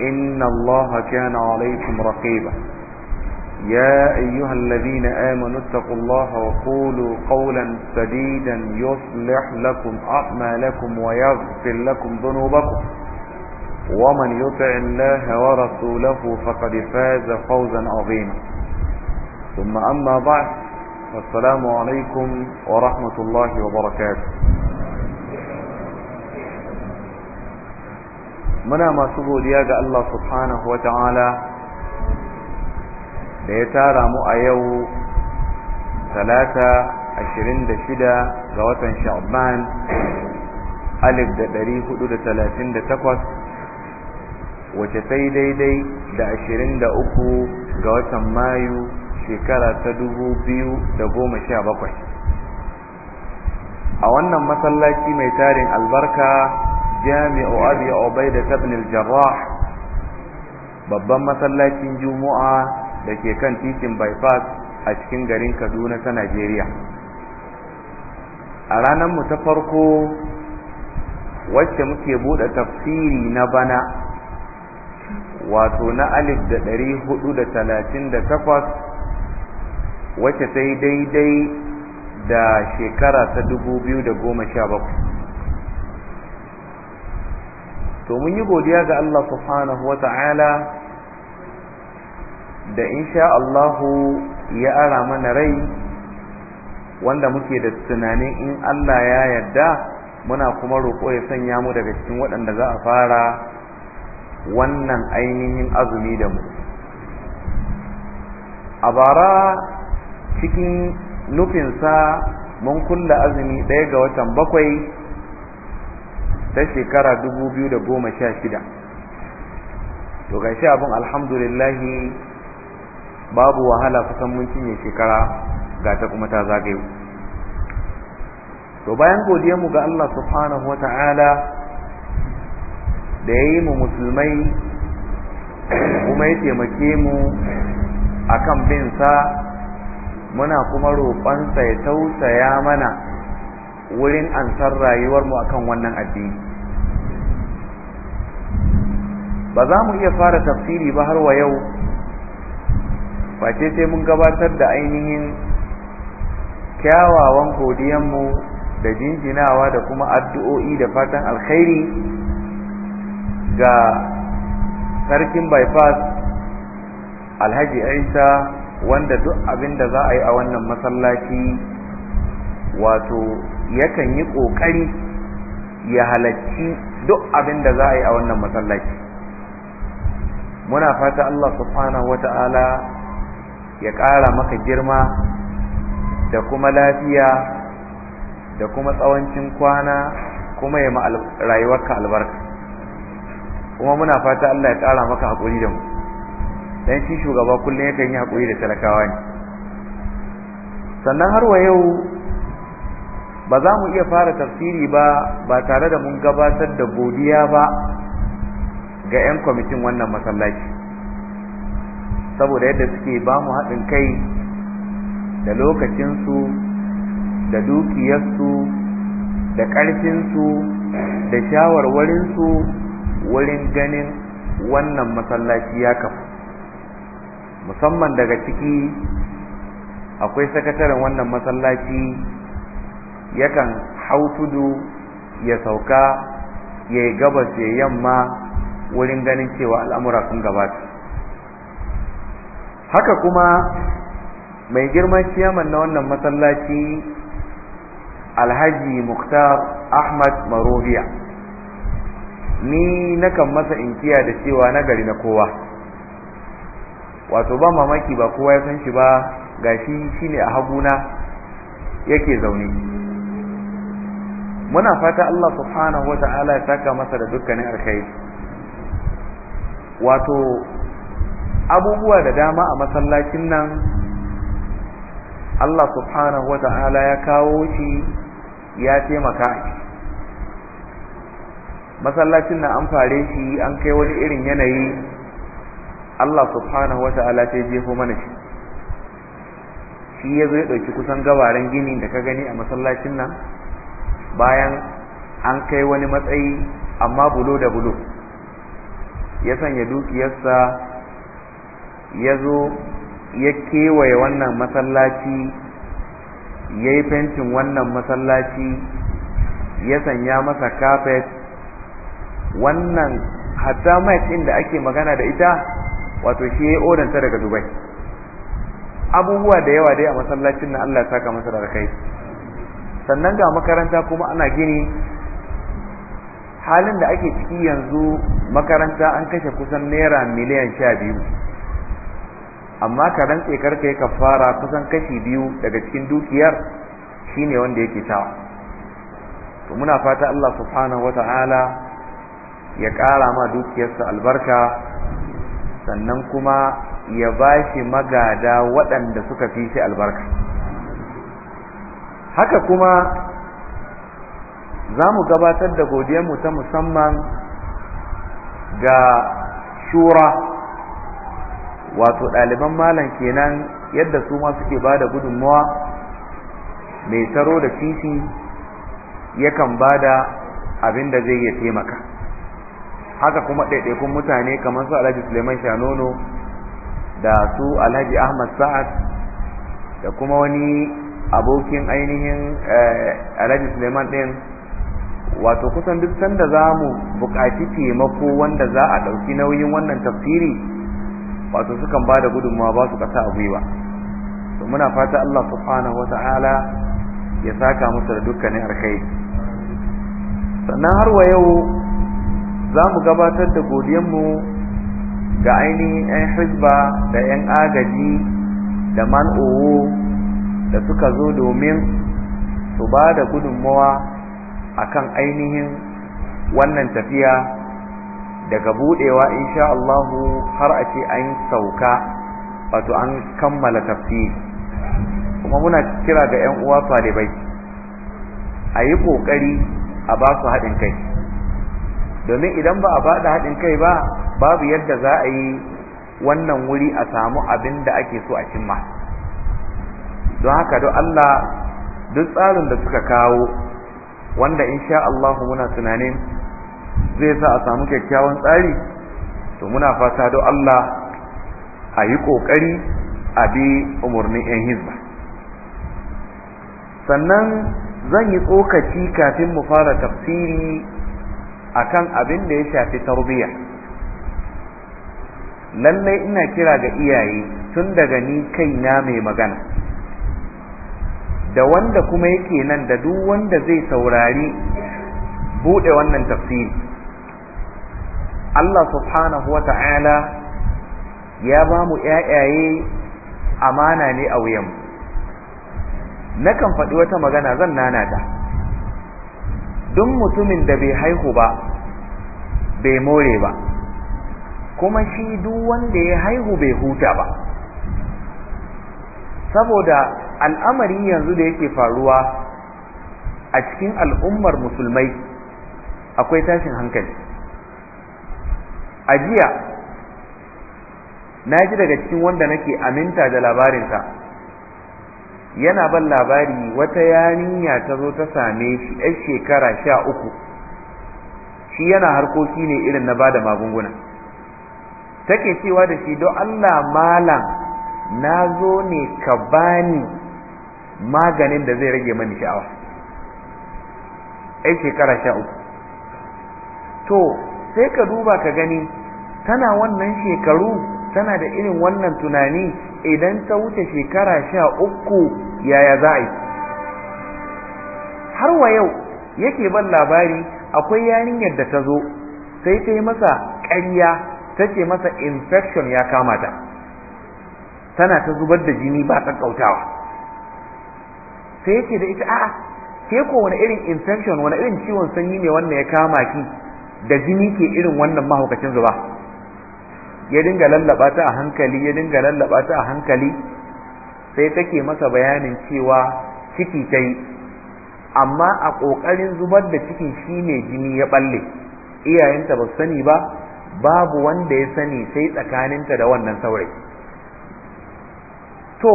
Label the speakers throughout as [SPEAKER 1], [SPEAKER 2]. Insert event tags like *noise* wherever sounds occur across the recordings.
[SPEAKER 1] إن الله كان عليكم رقيبا يا أيها الذين آمنوا اتقوا الله وقولوا قولا سديدا يصلح لكم أعمالكم ويغفر لكم ذنوبكم ومن يطع الله ورسوله فقد فاز فوزا عظيما ثم أما بعد السلام عليكم ورحمة الله وبركاته muna masu godiya ga Allah subhanahu wa ta'ala da ya tara mu a yau talata ashirin da shida ga watan sha'ban alif da ɗari hudu da talatin da takwas wace sai daidai da ashirin da uku ga watan mayu shekara ta dubu biyu da goma sha bakwai a wannan masallaci mai tarin albarka جامع أبي عبيدة بن الجراح babban masallacin juma'a da ke kan titin bypass a cikin garin kaduna ta najeriya a ranar mu ta farko wacce muke buɗe tafsiri na bana wato na alif da ɗari hudu da talatin da takwas wacce ta yi daidai da shekara ta dubu biyu da goma sha bakwai to mun yi godiya ga Allah subhanahu wa ta'ala da insha Allahu ya ara mana rai wanda muke da tunanin in Allah ya yarda muna kuma roƙo ya sanya mu daga cikin waɗanda za a fara wannan ainihin azumi da mu a bara cikin nufinsa mun kulla azumi ɗaya ga watan bakwai ta shekara dubu biyu da goma sha shida to ga shi abin alhamdulillahi babu wahala kusan mun cinye shekara ga ta kuma ta zagayo to bayan mu ga Allah subhanahu wa ta'ala da ya yi mu musulmai kuma ya taimake mu akan bin sa muna kuma roƙonsa ya tausaya mana wurin ansar rayuwarmu akan wannan addini ba za mu iya fara tafsiri ba har wa yau ba ce sai mun gabatar da ainihin kyawawan godiyanmu da jinjinawa da kuma addu'o'i da fatan alkhairi ga sarkin bypass alhaji isa wanda duk abin da za a yi a wannan masallaci wato yakan yi ƙoƙari ya halarci duk abin da za a yi a wannan masallaci muna fata Allah subhanahu wata'ala ya ƙara maka girma da kuma lafiya da kuma tsawancin kwana kuma ya ma rayuwarka albarka kuma muna fata Allah ya ƙara maka haƙuri da mu dan shi shugaba kullum yakan yi haƙuri da talakawa ne sannan har wa yau ba za mu iya fara tafsiri ba ba tare da mun gabatar da godiya ba ga 'yan kwamitin wannan masallaci saboda yadda suke ba mu haɗin kai da lokacinsu da dukiyarsu da ƙarfinsu da shawarwarinsu wurin ganin wannan masallaci ya kafa. musamman daga ciki akwai sakataren wannan masallaci yakan hau tudu ya sauka ya yi gabas ya yamma wurin ganin cewa al'amura sun gabata haka kuma mai girman ciyaman na wannan masallaci alhaji muktar ahmad marobiya ni nakan masa inkiya da cewa nagari na kowa wato ba mamaki ba kowa ya san shi ba ga shi shi ne a haguna yake zaune muna fata Allah subhanahu wa ta'ala ya saka masa da dukkanin alkhairi wato abubuwa da dama a masallacin nan Allah subhanahu wa ta'ala ya kawo shi ya taimaka shi masallacin nan an fare shi an kai wani irin yanayi Allah subhanahu wa ta'ala ta jefo mana shi shi ya zo ya ɗauki kusan gabaran gini da ka gani a masallacin nan bayan an kai wani matsayi amma bulo da bulo ya sanya dukiyarsa ya zo ya kewaye wannan masallaci ya yi fentin wannan masallaci ya sanya masa kafet wannan hatta mic ɗin da ake magana da ita wato shi ya odanta daga dubai abubuwa da yawa dai a masallacin na allah saka masa da kai sannan ga makaranta kuma ana gini halin da ake ciki yanzu makaranta an kashe kusan naira miliyan sha biyu amma ka rantse karka ya kafara kusan kashi biyu daga cikin dukiyar shine wanda yake tawa to muna fata Allah subhanahu wata'ala ya ƙara ma dukiyarsa albarka sannan kuma ya ba shi magada waɗanda suka fi shi albarka haka kuma za mu gabatar da godiyarmu ta musamman ga shura wato ɗaliban malam kenan yadda su ma suke ba da gudunmawa mai taro da titi yakan ba da abin da zai iya taimaka haka kuma ɗaiɗaikun mutane kamar su alhaji suleiman shanono da su alhaji ahmad sa'ad da kuma wani abokin ainihin eh, alhaji suleiman ɗin wato kusan duk sanda za mu buƙaci taimako wanda za a ɗauki nauyin wannan tafsiri wato sukan ba da gudunmawa ba su ƙasa a gwiwa to muna fata Allah subhanahu wata'ala ya saka musu da dukkanin alkhairi sannan har wa yau za mu gabatar da godiyanmu ga ainihin 'yan hizba da 'yan agaji da man'owo da suka zo domin su ba da gudunmawa akan ainihin wannan tafiya daga budewa insha Allah har a ce an sauka wato an kammala tafsiri kuma muna kira ga 'yan uwa talibai a yi ƙoƙari a ba su haɗin kai domin idan ba a ba da haɗin kai ba babu yadda za a yi wannan wuri a samu abin da ake so a cimma don haka don Allah duk tsarin da suka kawo wanda insha Allah muna tunanin zai sa a samu kyakkyawan tsari to muna fata don Allah a yi ƙoƙari a bi umarnin 'yan hizba sannan zan yi tsokaci kafin mu fara tafsiri akan abin da ya shafi tarbiyya lallai ina kira ga iyaye tun daga ni kaina mai magana da wanda kuma yake nan da duk wanda zai saurari bude wannan tafsiri Allah subhanahu wa ta'ala ya ba mu ‘ya'yaye amana ne a wuyan nakan faɗi wata magana zan nanata duk mutumin da bai haihu ba bai more ba kuma shi duk wanda ya haihu bai huta ba saboda al'amari yanzu da yake faruwa a cikin al'ummar musulmai akwai tashin hankali a jiya na ji daga cikin wanda nake aminta da labarinsa yana ban labari wata yarinya ta zo ta same shi 'yan shekara sha uku shi yana harkoki ne irin na ba da magunguna take cewa da shi don allah malam na zo ne ka bani maganin da zai rage mani sha'awa ai shekara sha uku to sai ka duba ka gani tana wannan shekaru tana da irin wannan tunani idan ta wuce shekara sha uku yaya za a yi har wa yau yake ban labari akwai yarinyar da ta zo sai ta yi masa ƙarya ta ce masa infection ya kamata tana ta zubar da jini ba kautawa sai yake da ita a'a ke ko wani irin infection wani irin ciwon sanyi ne wanda ya kama ki da jini ke irin wannan mahaukacin zuba ya dinga lallaba ta a hankali ya dinga lallaba ta a hankali sai take masa bayanin cewa ciki ta yi amma a ƙoƙarin zubar da cikin shi ne jini ya balle iyayenta ba sani ba babu wanda ya sani sai tsakaninta da wannan saurayi to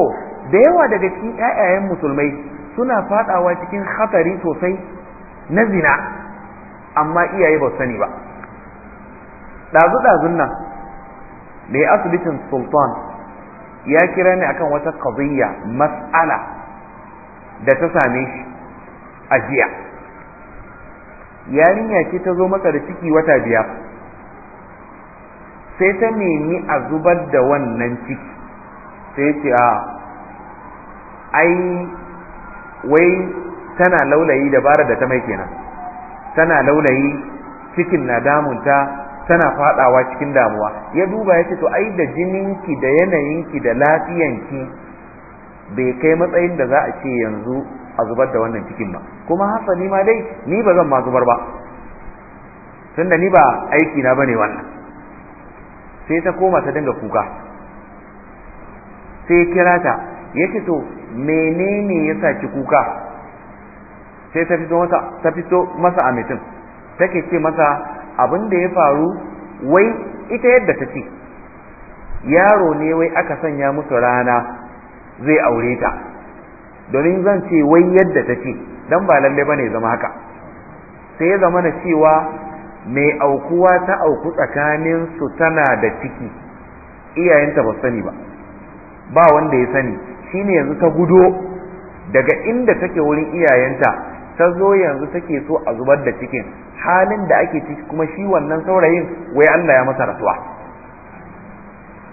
[SPEAKER 1] da yawa daga cikin 'ya'yayen musulmai suna fadawa cikin hatsari sosai na zina amma iyaye ba sani ba ɗazu-ɗazun nan mai asibitin sultan ya kira ni akan wata kaziyya mas'ala da ta same shi a jiya yarinya ce ta zo masa da ciki wata biyar sai ta nemi a zubar da wannan ciki sai ce a ah, ai wai tana laulayi dabarar da ta mai kenan tana laulayi cikin na damunta tana fadawa cikin damuwa ya duba ya ce to ai da jininki da yanayinki da lafiyanki bai kai matsayin da za a ce yanzu a zubar da wannan cikin ba kuma hasali ma dai ni ba zan ma zubar ba tunda ni ba aiki na bane wannan sai ta koma ta dinga kuka sai kira ta yace to menene ya saki kuka sai ta fito masa ta fito masa a mitin take ce masa abin da ya faru wai ita yadda ta ce yaro ne wai aka sanya musu rana zai aure ta domin zan ce wai yadda ta ce dan ba lalle bane zama haka sai ya zama na cewa mai aukuwa ta auku tsakanin su tana da ciki iyayenta ba sani ba ba wanda ya sani shine yanzu ta gudo daga inda take wurin iyayenta ta zo yanzu take so a zubar da cikin halin da ake ciki kuma shi wannan saurayin wai Allah ya masa rasuwa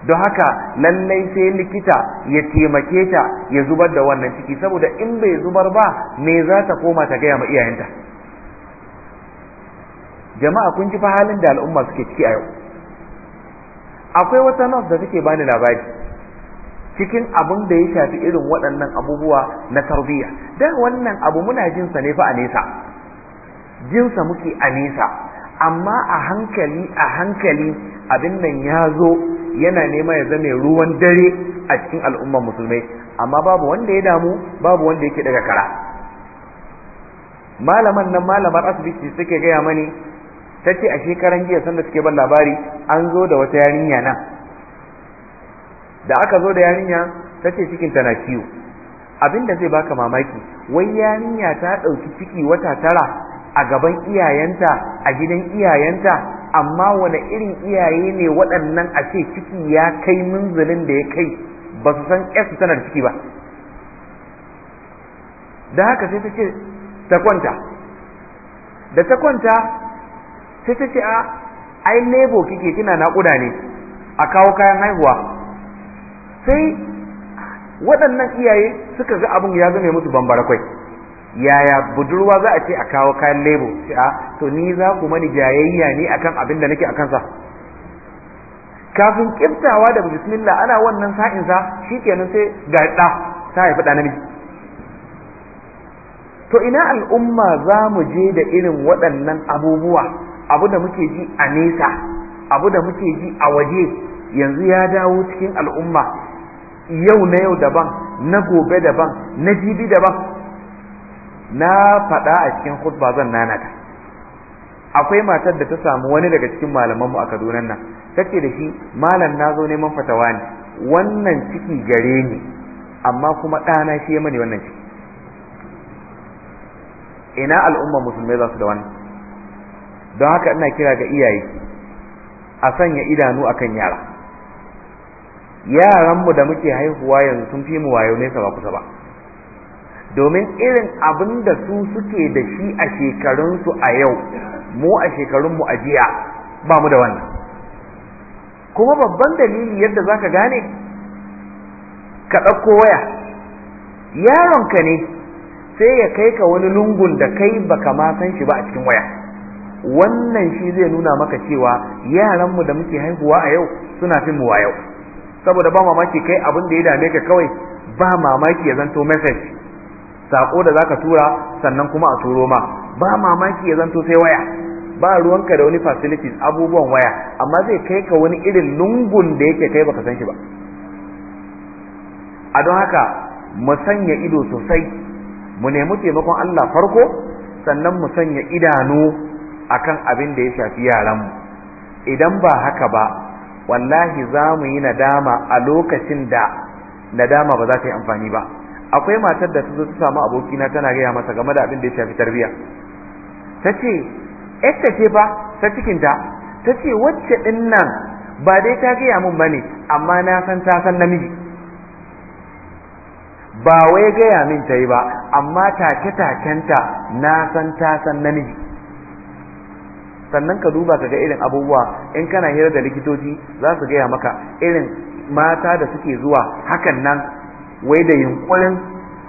[SPEAKER 1] don haka lallai sai likita ya taimake ta ya zubar da wannan ciki saboda in bai zubar ba me za ta koma ta gaya ma iyayenta jama'a kun ji fa halin da al'umma suke ciki a yau akwai wata nas da take bani labari cikin abin da ya shafi irin waɗannan abubuwa na tarbiyya dan wannan abu muna jin sa ne fa a nesa jin sa muke a nesa amma a hankali a hankali abin nan ya zo yana nema ya zame ruwan dare a cikin al'umma musulmai amma babu wanda ya damu babu wanda yake daga kara malaman nan malamar asibiti suke gaya mani ta ce a shekaran jiya sanda suke ban labari an zo da wata yarinya nan da aka zo da yarinya ta ce cikin tana ciwo abin zai baka mamaki wai yarinya ta ɗauki ciki wata tara a gaban iyayenta a gidan iyayenta amma wani irin iyaye ne waɗannan a ce ciki ya kai munzulin da ya kai ba su san yasu tana da ciki ba da haka sai ta ce ta kwanta da ta kwanta sai ta ce a ai kike kina naƙuda ne a kawo kayan haihuwa sai waɗannan iyaye suka ga abin ya zame musu bambara kwai yaya budurwa za a ce a kawo kayan lebo a ah, to ni za ku mani jayayya ne akan abin da nake a kansa kafin kiftawa da bismillah ana wannan sa'in sa shikenan sai ga da ta haifi da namiji to ina al'umma za mu je da irin waɗannan abubuwa abu da muke ji a nesa abu da muke ji a waje yanzu ya dawo cikin al'umma yau na yau daban na gobe daban na jibi daban na faɗa a cikin khutba zan nanata akwai matar da ta samu wani daga cikin malaman mu a Kaduna nan tace da shi malam na zo neman fatawa ne wannan ciki gare ni amma kuma ɗana shi ya mani wannan ciki ina al'umma musulmai za su da wannan don haka ina kira ga iyaye a sanya idanu akan yara yaranmu da muke haihuwa yanzu sun fi mu wayo nesa ba kusa ba domin irin abin da su suke da shi a shekarunsu a yau mu a shekarunmu a jiya ba mu da wannan kuma babban dalili yadda za ka gane ka ɗauko waya yaronka ne sai ya kai ka wani lungun da kai baka ma san shi ba a cikin waya wannan shi zai nuna maka cewa yaranmu da muke haihuwa a yau suna fi mu wayo yau saboda ba mamaki kai abin da ya dame ka kawai ba mamaki ya zanto message sako da zaka tura sannan kuma a turo ma ba mamaki ya zanto sai waya ba ruwanka da wani facilities abubuwan waya amma zai kai ka wani irin lungun da yake kai baka san shi ba a don haka mu sanya ido sosai mu nemi taimakon Allah farko sannan mu sanya idanu akan abin da ya shafi yaranmu idan ba haka ba wallahi za mu yi nadama a lokacin da nadama ba za ta yi amfani ba akwai matar da ta zo ta samu abokina tana gaya masa game da abin da ya shafi tarbiyya ta ce ita ce ba ta cikinta ta ce wacce din nan ba dai ta gaya min ba amma na san ta san namiji ba wai gaya min ta yi ba amma take-takenta na san ta san namiji sannan ka duba ka ga irin abubuwa in kana hira da likitoci za su gaya maka irin mata da suke zuwa hakan nan wai da yunkurin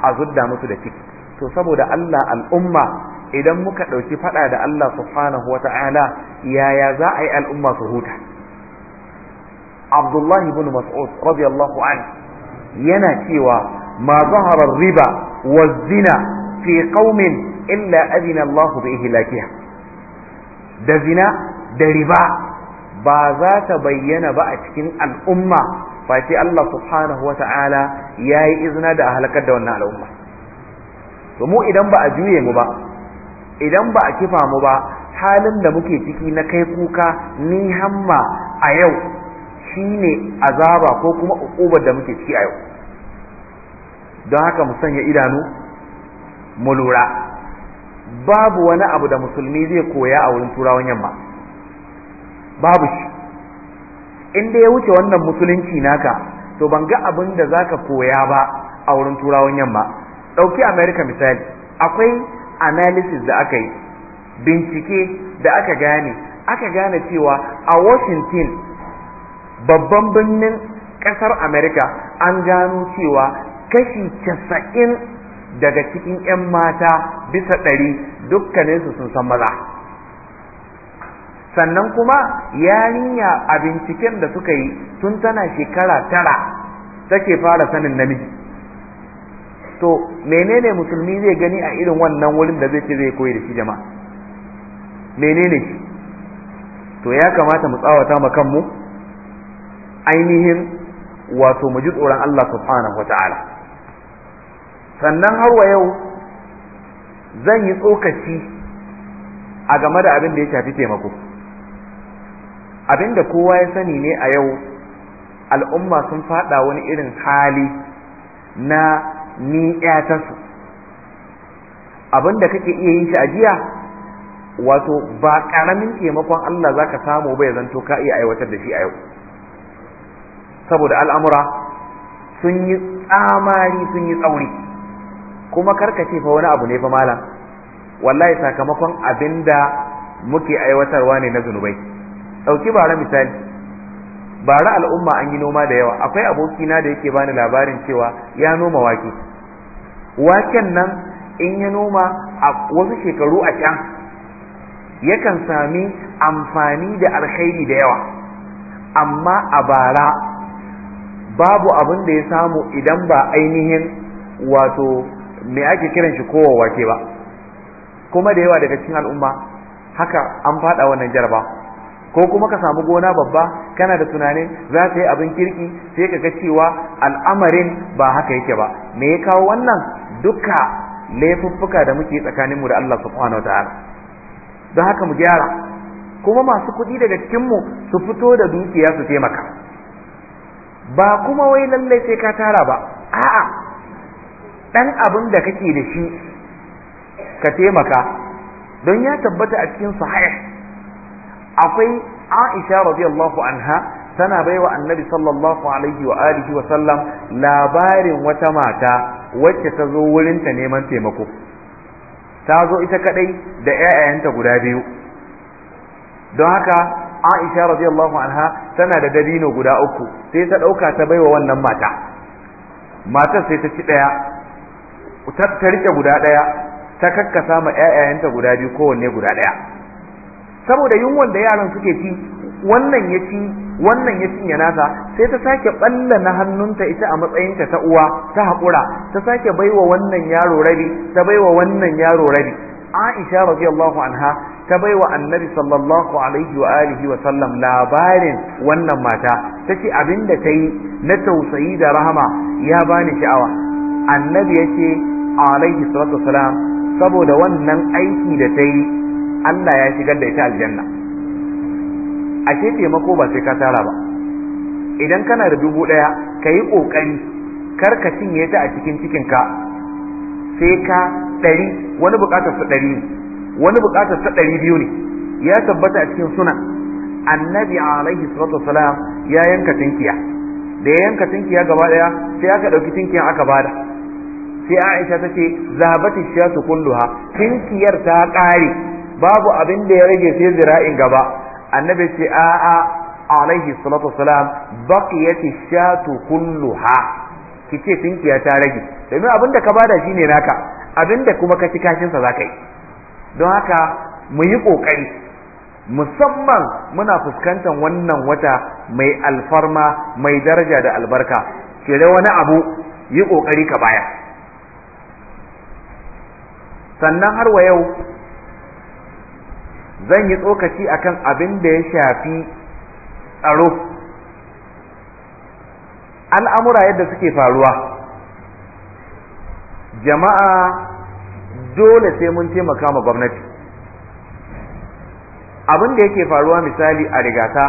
[SPEAKER 1] a zudda musu da ciki to saboda Allah al'umma idan muka ɗauki faɗa da Allah subhanahu wa ta'ala yaya za a yi al'umma su huta Abdullahi ibn Mas'ud radiyallahu an yana cewa ma zahara riba wa zina fi qaumin illa adina Allah bi ihlakiha da zina da riba ba za ta bayyana ba a cikin al'umma ba sai Allah subhanahu wa ta'ala ya yi izina da halakar da wannan al'umma to mu idan ba a juye mu ba idan ba a kifa mu ba halin da muke ciki na kai kuka ni hamma a yau shi shine azaba ko kuma ukubar da muke ciki a yau don haka mu sanya idanu mu lura babu wani abu da musulmi zai koya a wurin turawan yamma babu shi in da ya wuce wannan musulunci naka to ban ga abin da zaka koya ba a wurin turawan yamma ɗauki america misali akwai analysis da aka yi bincike da aka gane aka gane cewa a washington babban birnin ƙasar america an gano cewa kashi casa'in daga cikin 'yan mata bisa ɗari dukkaninsu sun san maza sannan kuma yarinya a binciken da suka yi tun tana shekara tara take fara sanin namiji to menene musulmi zai gani a irin wannan wurin da zai ce zai koyi da shi jama'a menene shi to ya kamata mu tsawata ma kanmu ainihin wato mu ji tsoron Allah subhanahu wa ta'ala sannan har wa yau zan yi tsokaci a game da abin da ya shafi taimako abin da kowa ya sani ne a yau al'umma sun fada wani irin hali na ni su abin da kake iya yin shi a jiya wato ba karamin taimakon Allah za ka samu bai zanto ka iya aiwatar da shi a yau saboda al'amura sun yi tsamari sun yi tsauri kuma karkace fa wani abu ne fa malam wallahi sakamakon abinda muke aiwatarwa ne na zunubai dauki bara misali bara al'umma an yi noma da yawa akwai abokina da yake bani labarin cewa ya noma wake waken nan in ya noma a wasu shekaru a can yakan sami amfani da alkhairi da yawa amma a bara babu abin da ya samu idan ba ainihin wato me ake kiran shi kowa wake ba kuma da yawa daga cikin al'umma haka an fada wannan jaraba ko kuma ka samu gona babba kana da tunanin za ka yi abin kirki sai ka ga cewa al'amarin ba haka yake ba me ya kawo wannan duka laifuffuka da muke tsakaninmu da Allah subhanahu wataala don haka mu gyara kuma masu kuɗi daga cikinmu su fito da dukiya su taimaka ba kuma wai lallai sai ka tara ba a'a ɗan abin da kake da shi ka taimaka don ya tabbata a cikin sahih akwai Aisha radiyallahu anha tana baiwa annabi sallallahu alaihi wa alihi wa sallam labarin wata mata wacce ta zo wurinta neman taimako ta zo ita kadai da ƴaƴanta guda biyu don haka Aisha radiyallahu anha tana da dabino guda uku sai ta ɗauka ta baiwa wannan mata matar sai ta ci ɗaya ta rike guda daya ta kakkasa ma ƴaƴayenta guda biyu kowanne guda daya saboda yunwan da yaran suke ci wannan ya ci wannan ya cinye nasa sai ta sake balla na hannunta ita a matsayinta ta uwa ta haƙura ta sake baiwa wannan yaro rabi ta baiwa wannan yaro rabi Aisha radiyallahu anha ta baiwa Annabi sallallahu alaihi wa alihi wa sallam labarin wannan mata tace abinda ta yi na tausayi da rahama ya bani sha'awa Annabi yace alaihi salatu wasalam saboda wannan aiki da ta yi Allah ya shigar da ita aljanna ashe taimako ba sai ka tara ba idan kana da dubu ɗaya ka yi ƙoƙari kar ka cinye ta a cikin cikinka sai ka ɗari wani buƙatar su ɗari ne wani buƙatar su ɗari biyu ne ya tabbata a cikin suna annabi alaihi salatu wasalam ya yanka tinkiya da ya yanka tinkiya gaba ɗaya sai aka ɗauki tinkiyan aka bada sai Aisha ta ce zahabati shiyatu kulluha Finkiyar ta kare babu abin da ya rage sai zira'in gaba annabi ce a a alaihi salatu wassalam baqiyati shatu kulluha kice tinkiya ta rage domin abin da ka bada shine naka abin da kuma ka ci kashin sa zakai don haka mu yi kokari musamman muna fuskantar wannan wata mai alfarma mai daraja da albarka kire wani abu yi kokari ka baya sannan har wa yau zan yi tsokaci akan abin da ya shafi tsaro al'amura yadda suke faruwa jama'a dole sai mun taimaka ma gwamnati abin da yake faruwa misali a rigata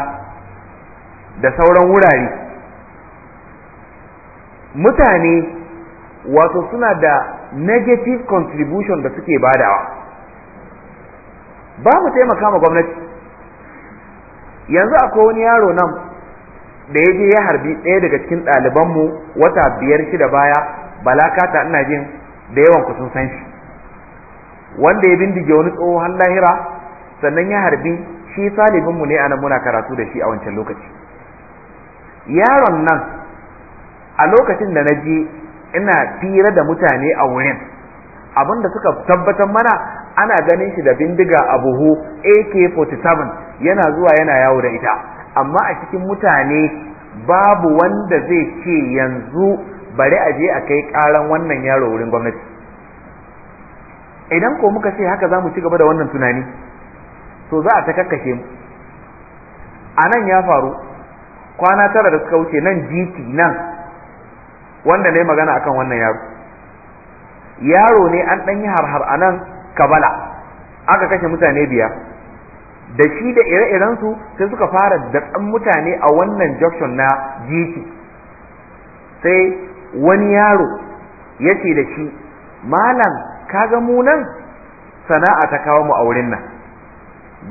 [SPEAKER 1] da sauran wurare mutane wato suna da negative contribution da suke badawa ba mu taimaka ma gwamnati yanzu akwai wani yaro nan da ya je ya harbi ɗaya daga cikin ɗalibanmu wata biyar shi da baya balakata ina jin da yawan ku sun san shi wanda ya bindige wani tsohon lahira sannan ya harbi shi salibinmu ne a anan muna karatu da shi a wancan lokaci yaron nan a lokacin da na je ina tira da mutane a wurin abin da suka tabbatar mana ana ganin shi da bindiga a buhu AK47 yana zuwa yana yawo da ita amma a cikin mutane babu wanda zai ce yanzu bari a je a kai karan wannan yaro wurin gwamnati idan ko muka ce haka za mu ci gaba da wannan tunani to za a ta kakkashe mu a nan ya faru kwana tara da suka wuce nan GT nan wanda ne magana akan wannan yaro yaro ne an ɗan yi harhar a nan kabala aka kashe mutane biyar da shi da ire iren su sai suka fara datsan mutane a wannan junction na jiki sai wani yaro ya ce da shi malam kaga mu nan sana'a ta kawo mu a wurin nan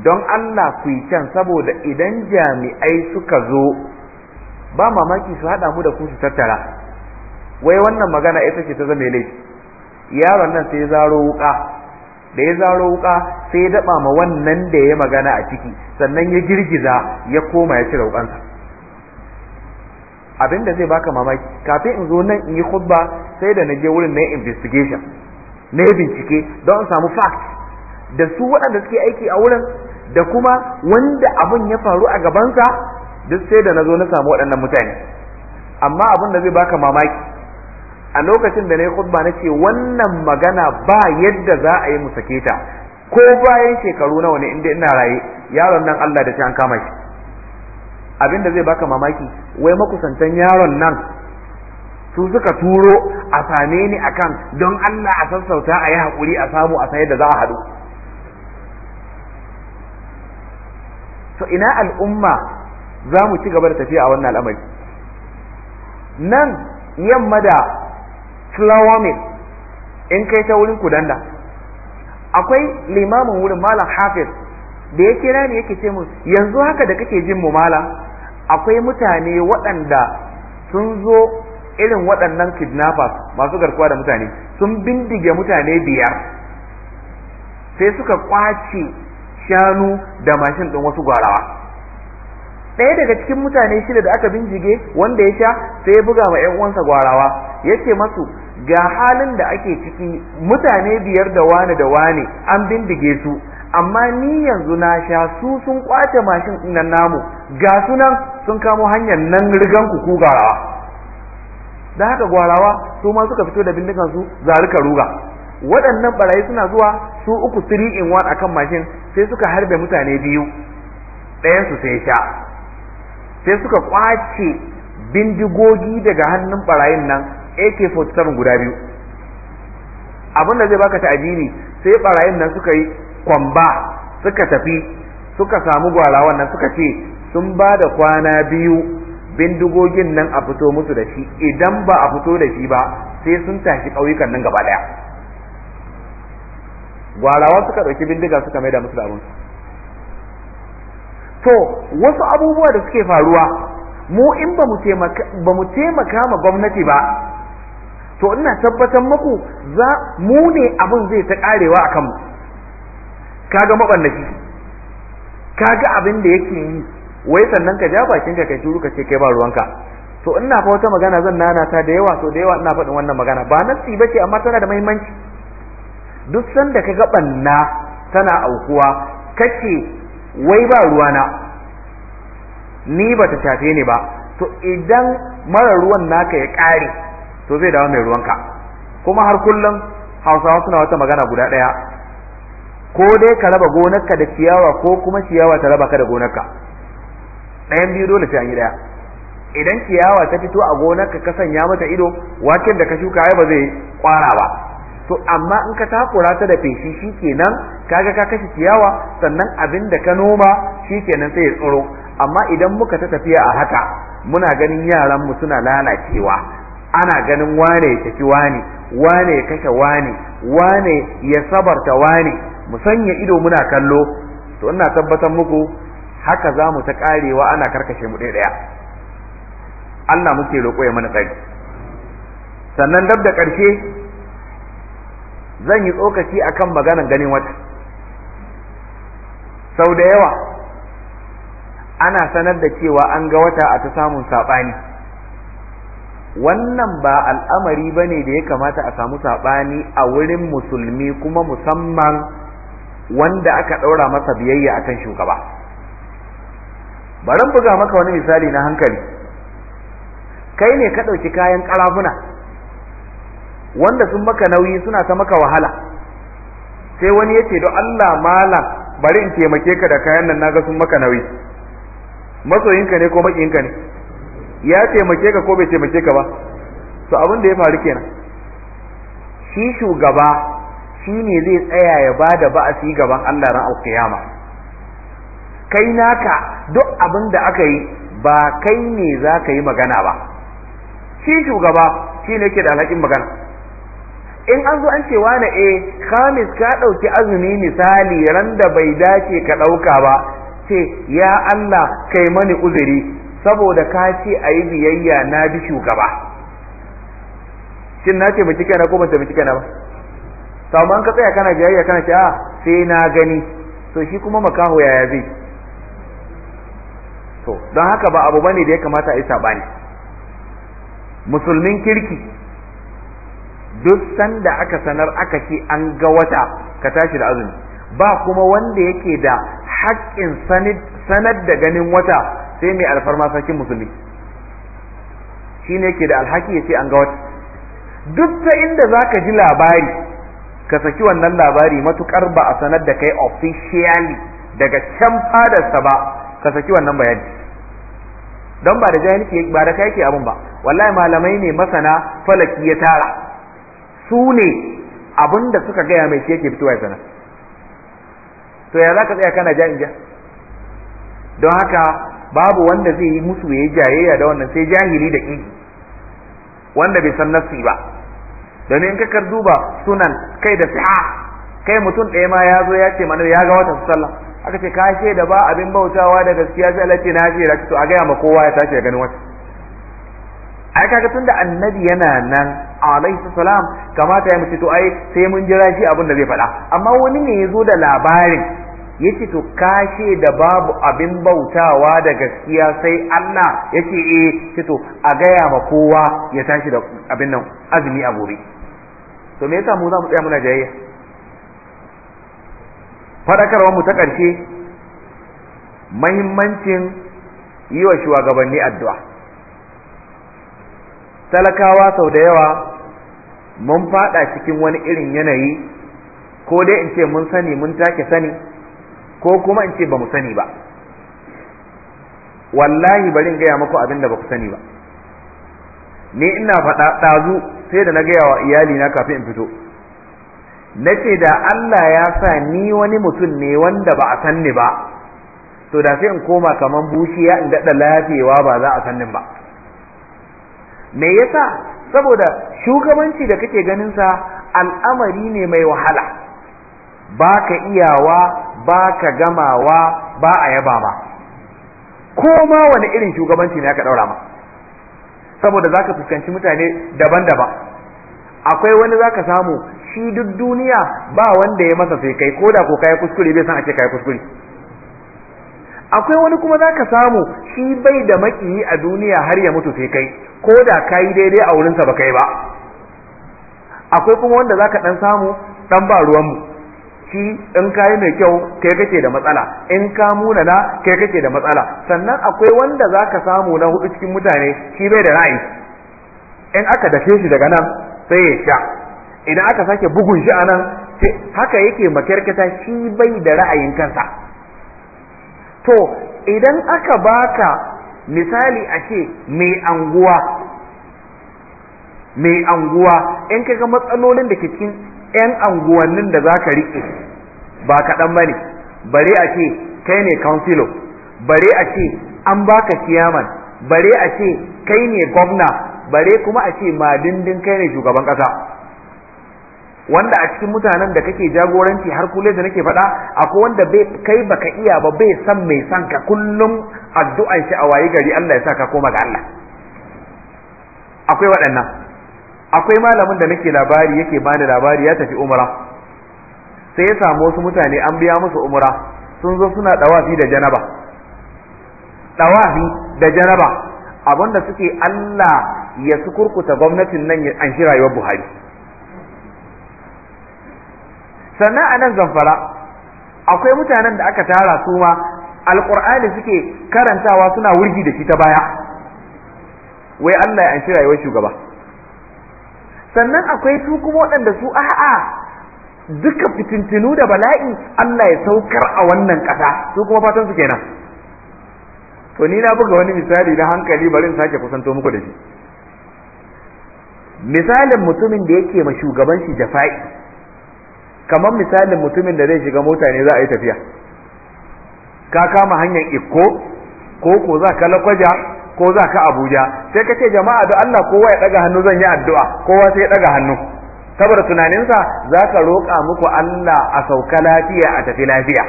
[SPEAKER 1] don Allah ku yi can saboda idan jami'ai suka zo ba mamaki su haɗa mu da ku su tattara wai wannan magana ita ce ta zame laifi yaron nan sai zaro wuka da ya zaro wuka sai ya daba ma wannan da ya magana a ciki sannan ya girgiza ya koma ya cire wukansa abin da zai baka mamaki kafin in zo nan in yi khutba sai da na je wurin na investigation na bincike don samu fact da su waɗanda suke aiki a wurin da kuma wanda abun ya faru a gabansa duk sai da na zo na samu waɗannan mutane amma abin da zai baka mamaki a lokacin da na yi khutba na ce wannan magana ba yadda za a yi mu sake ta ko bayan shekaru nawa ne inda ina raye yaron nan Allah da shi an kama shi abin da zai baka mamaki wai makusantan yaron nan su suka turo a same ni akan don Allah a sassauta a yi haƙuri a samu a san yadda za a haɗu to ina al'umma za mu ci gaba da tafiya a wannan al'amari nan yamma da slawamil in kai ta wurin kudanda akwai limamin wurin malam hafiz da ya kira ne yake ce mu yanzu haka da kake jin mu malam akwai mutane waɗanda sun zo irin waɗannan kidnappers masu garkuwa da mutane sun bindige mutane biyar sai suka kwace shanu da mashin ɗin wasu gwarawa ɗaya daga cikin mutane shida da aka bindige wanda ya sha sai ya buga ma 'yan gwarawa yace masu ga halin da ake ciki mutane biyar da wane da wane an bindige su amma ni yanzu na sha su sun kwace mashin nan namu ga sunan sun kamo hanyar nan rigan ku ku garawa da haka gwarawa su ma suka fito da bindigan su zarika ruga waɗannan barayi suna zuwa su uku three in one akan mashin sai suka harbe mutane biyu ɗayan su sai sha sai suka kwace bindigogi daga hannun barayin nan AK47 guda biyu abinda zai baka ta'ajiri sai barayin nan suka yi kwamba suka tafi suka samu gwara wannan suka ce sun ba da kwana biyu bindigogin nan a fito musu da shi idan ba a fito da shi ba sai sun tashi ƙauyukan nan gaba ɗaya gwarawa suka ɗauki bindiga suka maida musu da abinsu to wasu abubuwa da suke faruwa mu in ba mu taimaka ma gwamnati ba to ina tabbatar muku za mu ne abin zai ta karewa a kanmu kaga mabannaki kaga abin da yake yi wai sannan ka ja bakin ka kai ka ce kai ba ruwanka to ina fa wata magana zan nana ta da yawa to da yawa ina faɗin wannan magana ba nasi bace amma tana da muhimmanci duk sanda ka kaga banna tana aukuwa kace wai ba ruwana ni ba ta shafe ni ba to idan mara ruwan naka ya kare to zai dawo mai ruwanka kuma har kullum hausawa suna wata magana guda ɗaya ko dai ka raba gonarka da ciyawa ko kuma ciyawa ta raba ka da gonarka ɗayan biyu dole sai an yi ɗaya idan ciyawa ta fito a gonarka ka sanya mata ido waken da ka shuka ai ba zai kwara ba to amma in ka takura ta da feshi shikenan kaga ka ga ka kashe ciyawa sannan abin da ka noma shi shikenan sai ya tsoro amma idan muka ta tafiya a haka muna ganin yaran mu suna lalacewa ana ganin wane ya tafi wane wane ya kashe wane wane ya sabarta wane mu sanya ido muna kallo to ina tabbatar muku haka za mu ta karewa ana karkashe mu ɗaya ɗaya Allah muke roƙo ya mana tsari sannan dab da ƙarshe zan yi tsokaci akan maganar ganin wata sau da yawa ana sanar da cewa an ga wata a ta samun saɓani wannan ba al'amari ba ne da ya kamata a samu saɓani a wurin musulmi kuma musamman wanda aka ɗaura masa biyayya a kan shugaba bari buga maka wani misali na hankali kai ne ka ɗauki kayan ƙarafuna wanda sun maka nauyi suna ta maka wahala sai wani ya ce don Allah malam bari in taimake ka da kayan nan naga sun maka nauyi masoyinka ne ko maƙiyinka ne ya taimake ka ko bai taimake ka ba to abin da ya faru kenan shi shugaba shi ne zai tsaya ya ba da ba'asi gaban Allah ran alkiyama kai naka duk abin da aka yi ba kai ne za ka yi magana ba shi shugaba shi ne ke da alhakin magana in an zo an ce na eh khamis ka ɗauki azumi misali ran da bai dace ka ɗauka ba ce ya Allah kai mani uzuri saboda ka ce a yi biyayya na bi shugaba shin na ce taimaki na? ko ban taimaki na ba to amma ka tsaya kana biyayya kana ce a ah, sai na gani to shi kuma makaho yaya zai to don haka ba abu bane da ya kamata a yi sabani musulmin kirki duk sanda aka sanar aka ce an ga wata ka tashi da azumi ba kuma wanda yake da haƙƙin sanar da ganin wata sai mai alfarma sarkin musulmi shi ne ke da alhaki ya ce an ga wata duk ta inda za ka ji labari ka saki wannan labari matukar ba a sanar da kai officially daga can fadarsa ba ka saki wannan bayani don ba da jahilci ba da kai ke abin ba wallahi malamai ne masana falaki ya tara su ne abin da suka gaya mai shi yake fitowa ya sanar to ya za ka tsaya kana ja don haka babu wanda zai yi musu ya jayayya da wannan sai jahili da kiki wanda bai san nasi ba don in ka duba sunan kai da siha kai mutum ɗaya ma ya zo ya ce mana ya ga wata sallah aka ce ka da ba abin bautawa da gaskiya sai Allah na ce to a gaya ma kowa ya tashi ya gani wata ai kaga tunda annabi yana nan alaihi salam kamata ya mutu to ai sai mun jira shi abin da zai faɗa amma wani ne ya zo da labarin yace to kashe da babu abin bautawa da gaskiya sai Allah yace eh ce to a gaya ma kowa ya tashi da abin nan azumi a gobe to me yasa mu za mu tsaya muna jayayya fadakarwar mu ta ƙarshe mahimmancin yi wa shugabanni addu'a talakawa sau da yawa mun fada cikin wani irin yanayi ko dai in ce mun sani mun take sani ko kuma in ce ba mu sani ba wallahi bari in gaya maku abin da ba ku sani ba ni ina faɗa ɗazu sai da na gaya wa iyali na kafin in fito na ce da Allah ya sa ni wani mutum ne wanda ba a sanni ba to da sai in koma kaman bushiya in daɗa lafewa ba za a sannin ba me yasa saboda shugabanci da kake ganin sa al'amari ne mai wahala ba ka iyawa ba ka gamawa ba a yaba ba, ko ma wani irin shugabanci ne aka daura ma saboda zaka fuskanci mutane daban-daban akwai wani zaka samu shi duk duniya ba wanda ya masa sai kai koda ko kai kuskure bai san a ce kai kuskure akwai wani kuma zaka samu shi bai da makiyi a duniya har ya mutu sai kai koda kai daidai a wurinsa ba kai ba akwai kuma wanda zaka dan samu dan ba ruwanmu shi in kayi mai kyau kai kake da matsala in ka na kai kake da matsala sannan akwai wanda za ka samu na hudu cikin mutane shi bai da ra'ayi in aka dafe shi daga nan sai ya sha idan aka sake bugun shi a anan haka yake makarkata shi bai da ra'ayin kansa to idan aka baka misali a ce mai anguwa mai anguwa in kaga matsalolin da ke cikin 'yan anguwannin da za ka riƙe ba kaɗan ba ne bare a ce kai ne kansilo bare a ce an baka ciyaman bare a ce kai ne gwamna bare kuma a ce ma dindin kai ne shugaban ƙasa wanda a cikin mutanen da kake jagoranci har kule da nake faɗa akwai wanda bai kai baka iya ba bai san mai san ka kullum addu'an shi a waye gari Allah ya saka koma ga Allah akwai waɗannan akwai malamin da nake labari yake bani labari ya tafi umra sai ya samu wasu mutane an biya musu umra sun zo suna dawafi da janaba dawafi da janaba abinda suke Allah ya sukurkuta gwamnatin nan ya anshi rayuwar Buhari sannan a nan zamfara akwai mutanen da aka tara su ma alƙur'ani suke karantawa suna wurgi da shi ta baya wai Allah ya anshi rayuwar shugaba sannan akwai su kuma waɗanda su a'a duka fitintinu da bala'i Allah ya saukar a wannan ƙasa su kuma fatan su kenan to ni na buga wani misali na hankali bari in sake kusanto muku da shi misalin mutumin da yake ma shugaban shi jafa'i kamar misalin mutumin da zai shiga mota ne za a yi tafiya ka kama hanyar ikko ko ko za ka lakwaja ko za ka Abuja sai ka ce jama'a da Allah kowa ya daga hannu zan yi addu'a kowa sai ya daga hannu saboda tunaninsa za ka roƙa muku Allah a sauka lafiya a tafi lafiya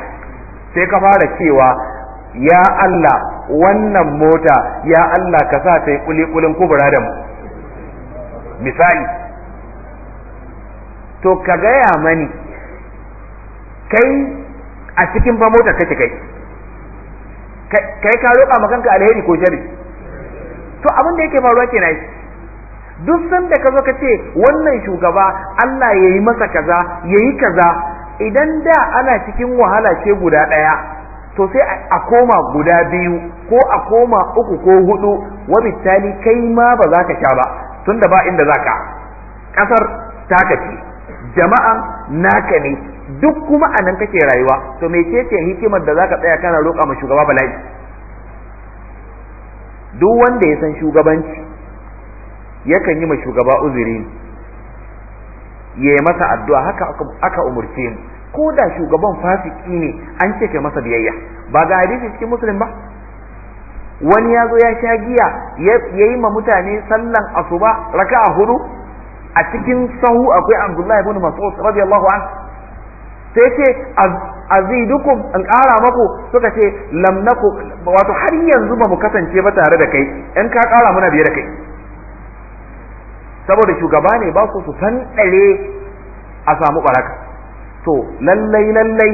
[SPEAKER 1] sai ka fara cewa ya Allah wannan mota ya Allah ka sa ta yi kulikulin kubura da mu misali to ka gaya mani kai a cikin ba mota kake kai kai ka roƙa ma kanka alheri ko shari to abin da yake faruwa kenan duk sanda ka zo ka ce wannan shugaba Allah ya yi masa kaza ya yi kaza idan da ana cikin wahala ce guda ɗaya to sai a koma guda biyu ko a koma uku ko hudu wa kai ma ba za ka sha ba tunda ba inda za ka ƙasar ta ce jama'a naka ne duk kuma a nan kake rayuwa to mece ce hikimar da za ka tsaya kana roƙa ma shugaba bala'i duk wanda ya san shugabanci yakan yi ma shugaba uzuri ya yi masa addu'a haka aka umurce ni. ko da shugaban fasiki ne an ce kai masa biyayya ba ga hadisi cikin musulun ba wani ya zo ya sha giya ya yi ma mutane sallan asuba raka'a hudu a cikin sahu akwai abdullahi ibn mas'ud radiyallahu anhu sai ce azidukum in ƙara maku suka ce lam naku wato har yanzu ba mu kasance ba tare da kai in ka ƙara muna biye da kai saboda shugaba ne ba ku su san dare a samu baraka to lallai lallai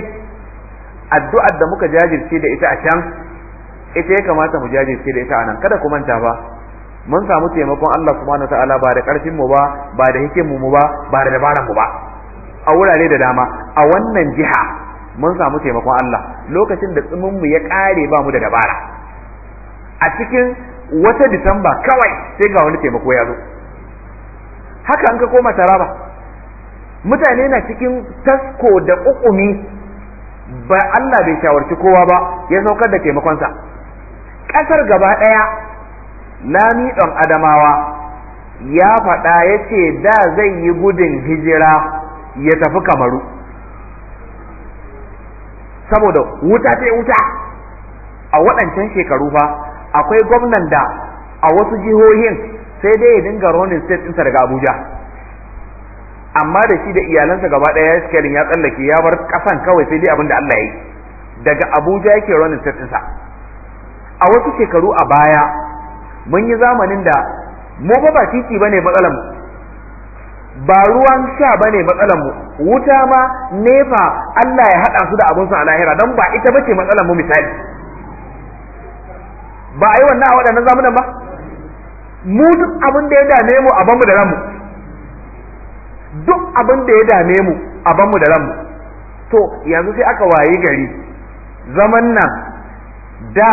[SPEAKER 1] addu'ar da muka jajirce da ita a can ita ya kamata mu jajirce da ita a nan kada ku manta ba mun samu taimakon Allah subhanahu ta'ala ba da karfin mu ba ba da hikimmu mu ba ba da dabaran mu ba a wurare da dama a wannan jiha mun samu taimakon Allah lokacin da tsimin mu ya ƙare ba mu da dabara a cikin wata disamba kawai sai ga wani taimako ya zo haka an ka koma taraba mutane na cikin tasko da ƙuƙumi ba Allah bai shawarci kowa ba ya saukar da taimakonsa ƙasar gaba ɗaya lami ɗan adamawa ya faɗa ya ce da zai yi gudun hijira ya tafi kamaru saboda wuta sai wuta a waɗancan shekaru fa akwai gwamnan da a wasu jihohin sai dai ya dinga ronin state ɗinsa daga abuja amma da shi da iyalansa gaba ɗaya ya ya tsallake ya bar ƙasan kawai sai dai abin da allah ya yi daga abuja yake ronin state ɗinsa a wasu shekaru a baya mun yi zamanin da mu ba ba titi ba ne matsalar ba ruwan sha bane matsalar mu wuta ma nefa Allah ya haɗa su da abun sa a lahira dan ba ita bace matsalar mu misali ba ai wannan a waɗannan zamanin ba mu duk abin da ya dame mu a mu da ranmu duk abin da ya dame mu a mu da ranmu to yanzu sai aka wayi gari zaman nan da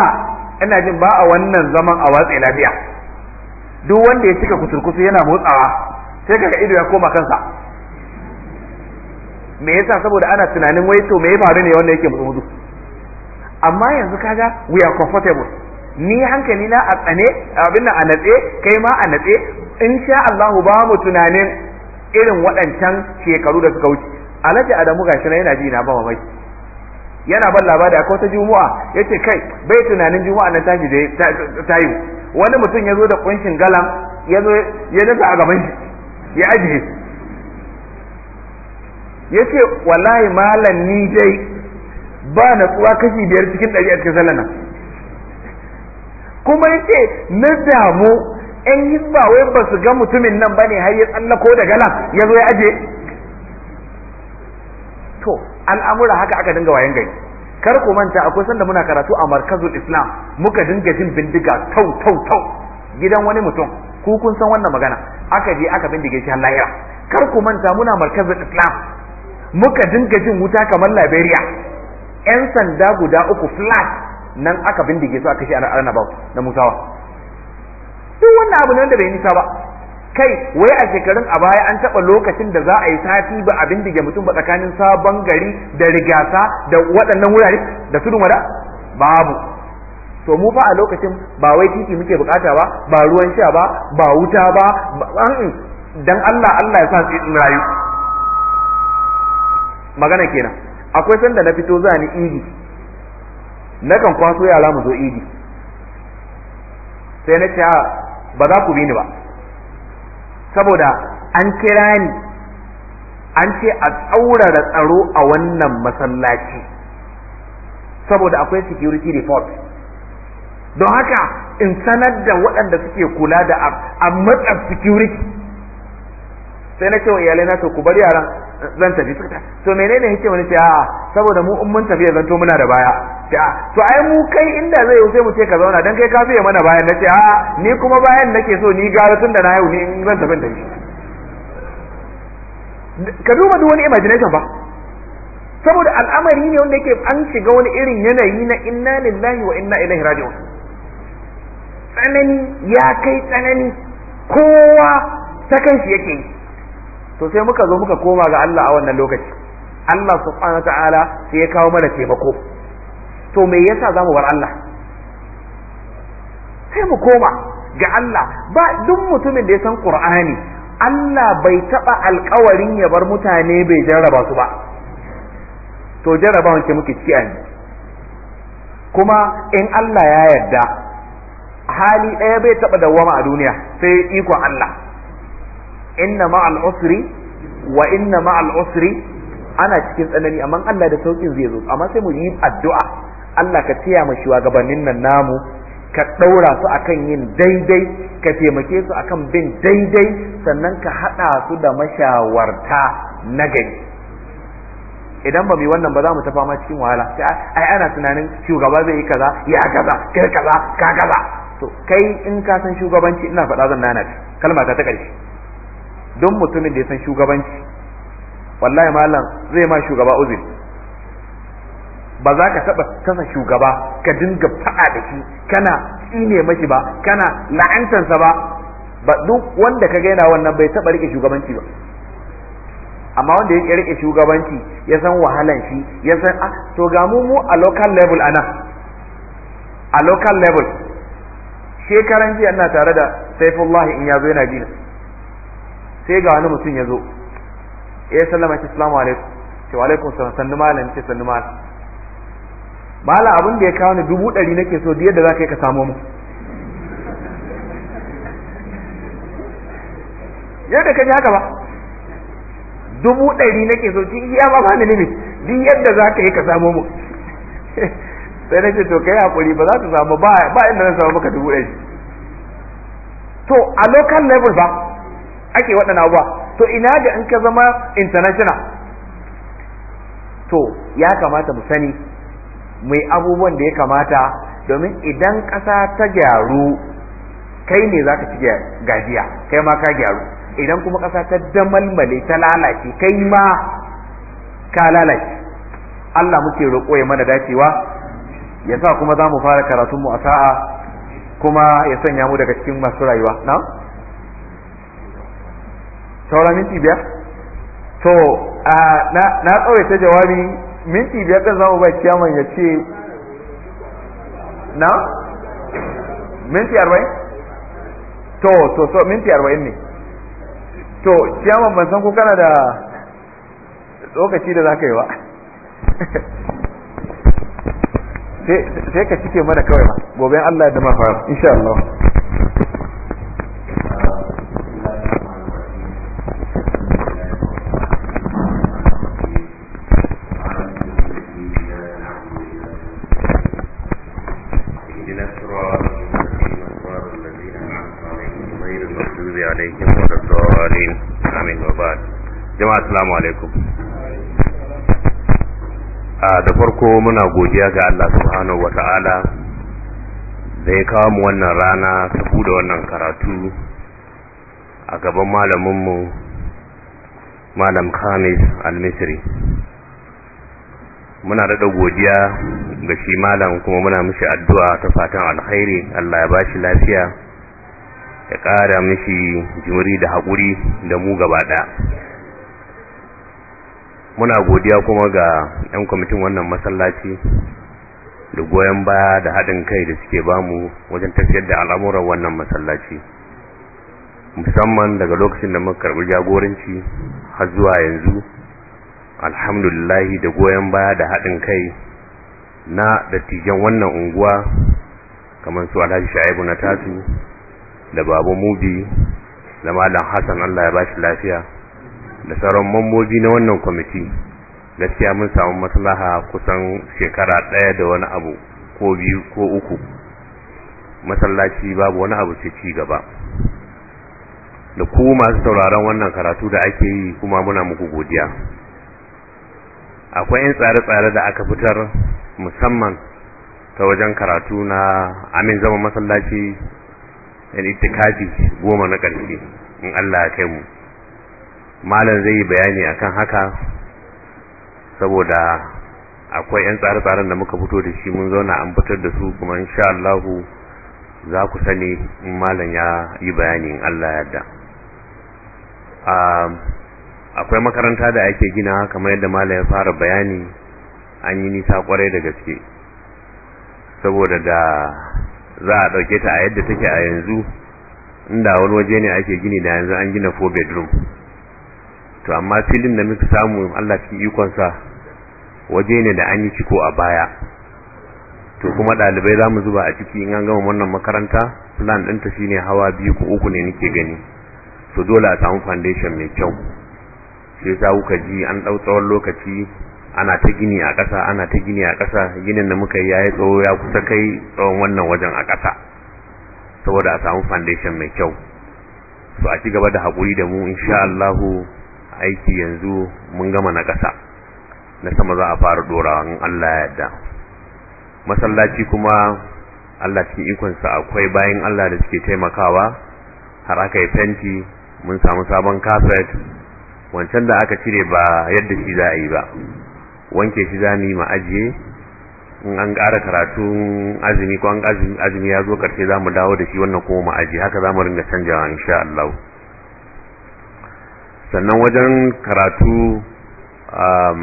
[SPEAKER 1] ina jin ba a wannan zaman a watsi lafiya duk wanda ya cika kusurkusu yana motsawa sai kaga ido ya koma kansa me yasa saboda ana tunanin wai to me ya faru ne wanda yake musu mutu amma yanzu kaga we are comfortable ni hankali na a tsane abin nan a natse kai ma a natse in sha Allah ba mu tunanin irin waɗancan shekaru da suka wuce alhaji adamu gashi na yana ji na ba mamaki yana ban labari akwai wata juma'a yace kai bai tunanin juma'a na tashi da tayi wani mutum ya zo da kunshin galam ya zo ya a gaban shi ya ajiye ya ce wallahi malam ni dai ba natsuwa kashi biyar cikin ɗari a cikin zalana kuma ya ce na damu ‘yan ba wai ba su ga mutumin nan ba ne har ya tsallako da gala ya zo ya aje to al'amura haka aka dinga wayan gari kar ku manta akwai sanda muna karatu a markazul islam muka dinga jin bindiga tau tau tau gidan wani mutum ku kun san wannan magana aka je aka bindige shi har lahira kar ku manta muna markazin islam muka dinga jin wuta kamar liberia yan sanda guda uku flat nan aka bindige su aka shi a arnabau na musawa duk wannan abu ne wanda bai nisa ba kai wai a shekarun a baya an taɓa lokacin da za a yi sati ba a bindige mutum ba tsakanin sabon gari da rigasa da waɗannan wurare da tudu mada babu to mu fa a lokacin ba wai titi muke bukata ba ba ruwan sha ba ba wuta ba dan Allah Allah ya sa su rayu magana kenan akwai sanda na fito za ni idi kan kwaso yara mu zo idi sai na ce ah, ba za ku bi ni ba saboda an kira ni an ce a tsaurara tsaro a wannan masallaci saboda akwai security report don haka in sanar da waɗanda suke kula da a matsar security sai na cewa iyalai na to ku bar yaran zan tafi suka to menene hikima wani ce a saboda mu in mun tafi zan to muna da baya ce a to ai mu kai inda zai yi sai mu ce ka zauna dan kai ka fiye mana bayan na ce a ni kuma bayan nake so ni gara tun da na yau ni in zan tafi da shi ka duba duk wani imagination ba saboda al'amari ne wanda yake an shiga wani irin yanayi na inna lillahi wa inna ilaihi raji'un tsanani ya kai tsanani kowa sakan shi yake yi to sai muka zo muka koma ga Allah a wannan lokaci Allah subhanahu ta'ala sai ya kawo mana taimako to me yasa za mu bar Allah sai mu koma ga Allah ba duk mutumin da ya san Qur'ani Allah bai taɓa alkawarin ya bar mutane bai jarraba su ba to jarraba wanke muke ciki a kuma in Allah ya yarda hali ɗaya bai taɓa wama a duniya sai ikon Allah inna ma'al usri wa inna usri ana cikin tsanani amma Allah da sauƙin zai zo amma sai mu yi addu'a Allah ka taya mu gabanin nan namu ka ɗaura su akan yin daidai ka taimake su akan bin daidai sannan ka haɗa su da mashawarta na gari idan ba mu yi wannan ba za mu ta fama cikin wahala ai ana tunanin shugaba zai yi kaza ya kaza kai kaza ka kaza to kai in ka san shugabanci ina faɗa zan nana kalma ta ta ƙarshe don mutumin da ya san shugabanci wallahi malam zai ma shugaba uzuri ba za ka taɓa kasa shugaba ka dinga fa'a da shi kana tsine mashi ba kana la'antansa ba ba duk wanda ka gaina wannan bai taɓa rike shugabanci ba amma wanda ya rike shugabanci ya san wahalan shi ya san ah to ga mu a local level nan a local level shekaran jiya ina tare da saifullah in yazo yana dina sai ga wani mutum yazo ya sallama ki assalamu alaikum ce wa alaikum salam sannu malam ce sannu malam malam abin da ya kawo ni dubu ɗari nake so da yadda za ka yi ka samo mu yadda ka ji haka ba dubu ɗari nake so ci iya ba ba ni limit duk yadda za ka yi ka samo mu *laughs* sai na ce to kai hakuri ba za ta samu ba ba inda zan samu maka dubu ɗari to a local level ba ake waɗannan abubuwa to ina ga in ka zama international to ya kamata mu sani mai abubuwan da ya kamata domin idan ƙasa ta gyaru kai ne za ka ci gajiya kai ma ka gyaru idan kuma ƙasa ta damalmale ta lalace kai ma ka lalace Allah muke roƙo ya mana dacewa ya sa kuma za mu fara karatunmu a sa'a kuma ya sanya mu daga cikin masu rayuwa na saura minti biyar to na ta jawabi minti biyar ɗin za mu bai kiyaman ya ce na minti arba'in to to so minti arba'in ne to kiyaman ban san ko kana da lokaci da za ka yi ba *laughs* sai ka cike mana kawai ba gobe Allah ya dama fara insha Allah
[SPEAKER 2] jama'a assalamu alaikum da farko muna godiya ga Allah subhanahu wata'ala da ya kawo mu wannan rana ta bude wannan karatu a gaban malaminmu malam khamis al-misri muna daɗa godiya ga shi malam kuma muna mishi addu'a ta fatan alkhairi Allah ya bashi lafiya ya ƙara mishi jimiri da haƙuri da mu gaba ɗaya muna godiya kuma ga 'yan kwamitin wannan masallaci da goyon baya da haɗin kai da suke bamu wajen tafiyar da al'amuran wannan masallaci musamman daga lokacin da muka karɓi jagoranci har zuwa yanzu alhamdulillahi da goyon baya da haɗin kai na dattijan wannan unguwa kamar su alhaji sha'ibu na tasu da babu mubi da malam hassan allah ya ba shi lafiya da sauran mambobi na wannan kwamiti gaskiya mun samu maslaha kusan shekara ɗaya da wani abu ko biyu ko uku masallaci babu wani abu ce ci gaba da ku masu sauraron wannan karatu da ake yi kuma muna muku godiya akwai yin tsare-tsare da aka fitar musamman ta wajen karatu na amin zama masallaci yan itikafi goma na ƙarfi, in Allah ya kai mu malam zai yi bayani akan haka saboda akwai 'yan tsare-tsaren da muka fito da shi mun zauna an fitar da su kuma insha Allahu za ku sani in malam ya yi bayani in Allah yadda akwai makaranta da ake gina kamar yadda malam ya fara bayani an yi nisa kwarai da gaske saboda da za a ɗauke ta a yadda take a yanzu inda wani waje ne ake gini da yanzu an gina 4 bedroom to amma filin da muka samu Allah cikin ikonsa waje ne da an yi ciko a baya to kuma dalibai za mu zuba a ciki in an gama wannan makaranta plan ɗinta shine hawa biyu ko uku ne nake gani to dole a samu foundation mai kyau shi yasa kuka ji an ɗau tsawon lokaci ana ta gini a ƙasa ana ta gini a ƙasa ginin da muka yi ya yi tsawo ya kusa kai tsawon wannan wajen a ƙasa saboda a samu foundation mai kyau so a ci gaba da haƙuri da mu insha Allahu aiki yanzu mun gama na ƙasa na sama za a fara dorawa in Allah ya yarda masallaci kuma Allah cikin ikonsa akwai bayan Allah da suke taimakawa har aka yi fenti mun samu sabon kafet wancan da aka cire ba yadda shi za a yi ba wanke shi za ni ajiye ma'ajiye in an ƙara karatun azumi ko an azumi ya zo ƙarshe za mu dawo da shi wannan kuma ajiye haka za mu ringa canjawa insha Allah sannan wajen karatu um,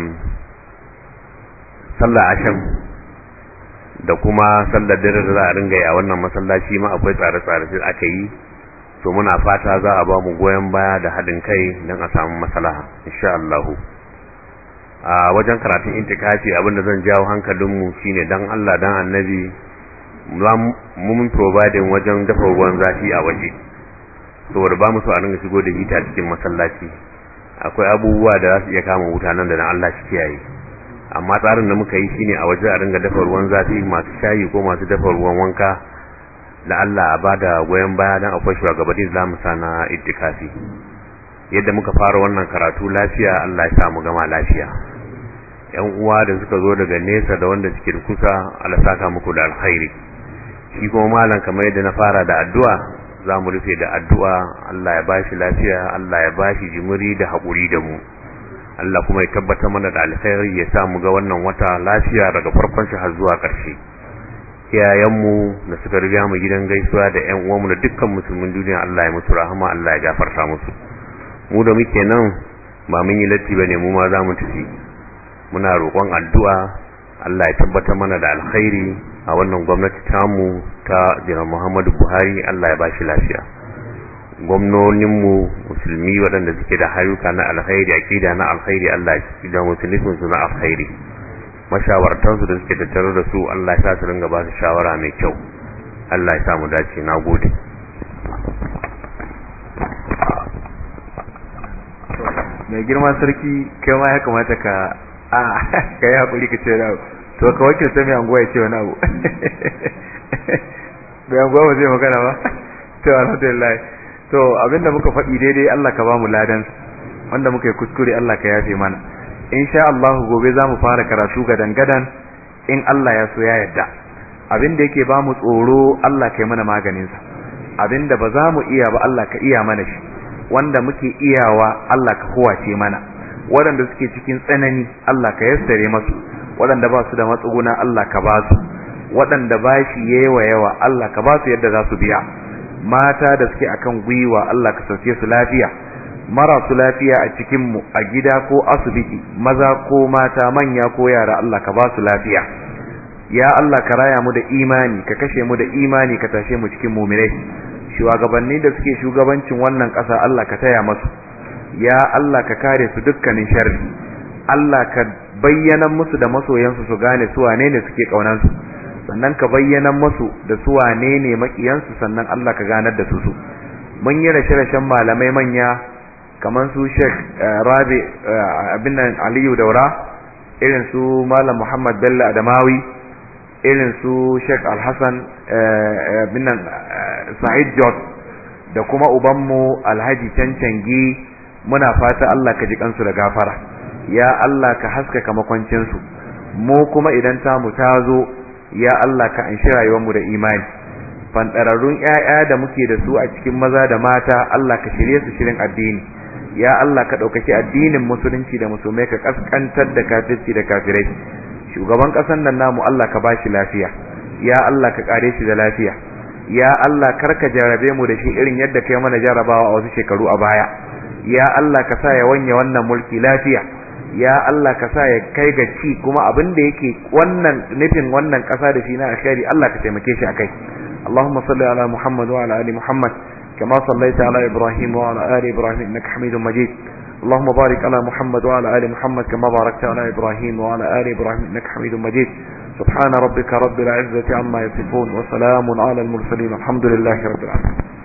[SPEAKER 2] sallah asham da kuma sallar dare da za a ringa a wannan masallaci ma akwai tsare-tsare sai aka yi to muna fata za a ba mu goyon baya da haɗin kai don a samu matsala insha Allahu a wajen karatun intikafi abinda zan jawo hankalinmu shine don Allah don annabi mu mun providing wajen dafa ruwan zafi a waje saboda ba mu a ringa shigo da hita a cikin masallaci akwai abubuwa da za su iya kama wuta nan da nan Allah shi kiyaye amma tsarin da muka yi shine a waje a ringa dafa ruwan zafi masu shayi ko masu dafa ruwan wanka la Allah a ba da goyon baya dan akwai shugabanni za mu sana ittikafi yadda muka fara wannan karatu lafiya Allah ya samu gama lafiya yan uwa da suka zo daga nesa da wanda suke kusa Allah saka muku da alkhairi shi kuma malam kamar yadda na fara da addu'a za mu rufe da addu'a Allah ya bashi lafiya Allah ya bashi jimuri da haƙuri da mu Allah kuma ya tabbata mana da alkhairi ya samu ga wannan wata lafiya daga farkon shi har zuwa ƙarshe iyayenmu da suka riga mu gidan gaisuwa da ƴan uwanmu da dukkan musulmin duniya Allah ya mutu rahama Allah ya gafarta musu mu da muke nan ba mun yi latti bane mu ma za mu tafi muna roƙon addu'a Allah ya tabbatar mana da alkhairi a wannan gwamnati tamu ta jiran Muhammadu Buhari Allah ya ba shi lafiya gwamnoninmu musulmi waɗanda suke da hayuka na alkhairi a aƙida na alkhairi Allah ya da musulmi su na alkhairi mashawartansu da suke tattare da su Allah ya sa su ringa ba su shawara mai kyau Allah ya sa dace na gode
[SPEAKER 1] mai girma sarki kai ma ya kamata ka a ka yi hakuri ka ce rabu to ka wakilta mai anguwa ya ce wani abu *laughs* mai anguwa ba zai magana ba *laughs* to alhamdulillah to abinda muka faɗi daidai Allah ka ba mu ladan wanda muka yi kuskure Allah ka yafe mana insha Allah gobe za mu fara karatu ga dangadan in Allah ya so ya yadda abinda yake ba mu tsoro Allah ka yi mana maganinsa abinda ba za mu iya ba Allah ka iya mana shi wanda muke iyawa Allah ka kowace mana waɗanda suke cikin tsanani Allah ka yassare masu waɗanda ba su da matsuguna Allah ka ba su waɗanda ba shi yawa yawa Allah ka ba su yadda za su biya mata da suke akan gwiwa Allah ka sauke su lafiya Mara su lafiya a cikin mu a gida ko asibiti maza ko mata manya ko yara Allah ka ba su lafiya ya Allah ka raya mu da imani ka kashe mu da imani ka tashe mu cikin mu'minai shugabanni da suke shugabancin wannan ƙasa Allah ka taya masu ya Allah ka kare su dukkanin sharri Allah ka bayyana musu da masoyansu su gane su wane ne suke kaunan sannan ka bayyana musu da su wane ne makiyansu sannan Allah ka ganar da su su mun yi rashe-rashen malamai manya kamar su Sheikh eh, Rabi eh, abin nan Aliyu Daura irin su Malam Muhammad Bello Adamawi irin su Sheikh Alhassan eh, bin Sa'id jos da kuma ubanmu Alhaji Cancangi muna fata Allah ka ji kansu da gafara ya Allah ka haskaka su mu kuma idan tamu ta zo ya Allah ka anshi mu da imani fanɗararrun 'ya'ya da muke da su a cikin maza da mata Allah ka shirye su shirin addini ya Allah ka ɗaukaki addinin musulunci da musulmai ka kaskantar da kafirci da kafirai shugaban ƙasar nan namu Allah ka bashi lafiya ya Allah ka kare shi da lafiya ya Allah karka jarabe mu da shi irin yadda kai mana jarabawa a wasu shekaru a baya ya Allah ka sa ya wanye wannan mulki lafiya ya Allah ka sa ya kai ga ci kuma abin da yake wannan nufin wannan ƙasa da shi na alkhairi Allah ka taimake shi akai Allahumma salli ala Muhammad wa ala ali Muhammad kama sallaita ala Ibrahim wa ala ali Ibrahim innaka Hamidum Majid اللهم بارك على محمد وعلى آل محمد كما باركت على إبراهيم وعلى ali Ibrahim إنك حميد مجيد سبحان ربك رب العزة عما يصفون وسلام على المرسلين الحمد لله رب العالمين